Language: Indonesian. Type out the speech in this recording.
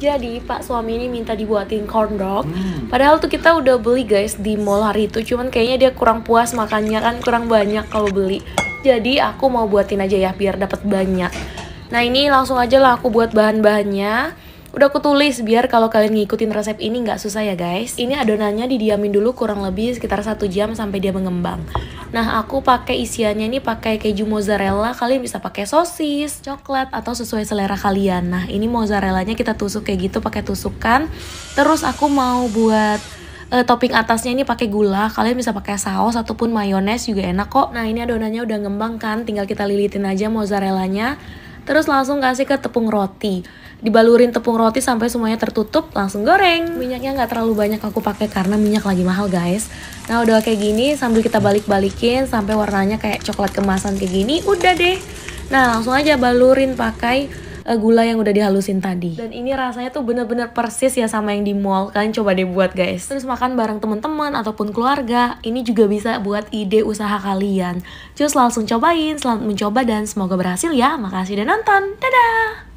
Jadi pak suami ini minta dibuatin corn dog. Hmm. Padahal tuh kita udah beli guys di mall hari itu, cuman kayaknya dia kurang puas makannya kan kurang banyak kalau beli. Jadi aku mau buatin aja ya biar dapat banyak. Nah ini langsung aja lah aku buat bahan-bahannya. Udah aku tulis biar kalau kalian ngikutin resep ini nggak susah ya guys. Ini adonannya didiamin dulu kurang lebih sekitar satu jam sampai dia mengembang. Nah, aku pakai isiannya ini pakai keju mozzarella. Kalian bisa pakai sosis, coklat atau sesuai selera kalian. Nah, ini mozzarellanya kita tusuk kayak gitu pakai tusukan. Terus aku mau buat uh, topping atasnya ini pakai gula kalian bisa pakai saus ataupun mayones juga enak kok nah ini adonannya udah ngembang kan tinggal kita lilitin aja mozzarellanya Terus langsung kasih ke tepung roti. Dibalurin tepung roti sampai semuanya tertutup, langsung goreng. Minyaknya nggak terlalu banyak aku pakai karena minyak lagi mahal guys. Nah udah kayak gini sambil kita balik-balikin sampai warnanya kayak coklat kemasan kayak gini, udah deh. Nah langsung aja balurin pakai uh, gula yang udah dihalusin tadi. Dan ini rasanya tuh bener-bener persis ya sama yang di mall. Kalian coba deh buat guys. Terus makan bareng teman-teman ataupun keluarga. Ini juga bisa buat ide usaha kalian. Cus langsung cobain, selamat mencoba dan semoga berhasil ya. Makasih udah nonton. Dadah.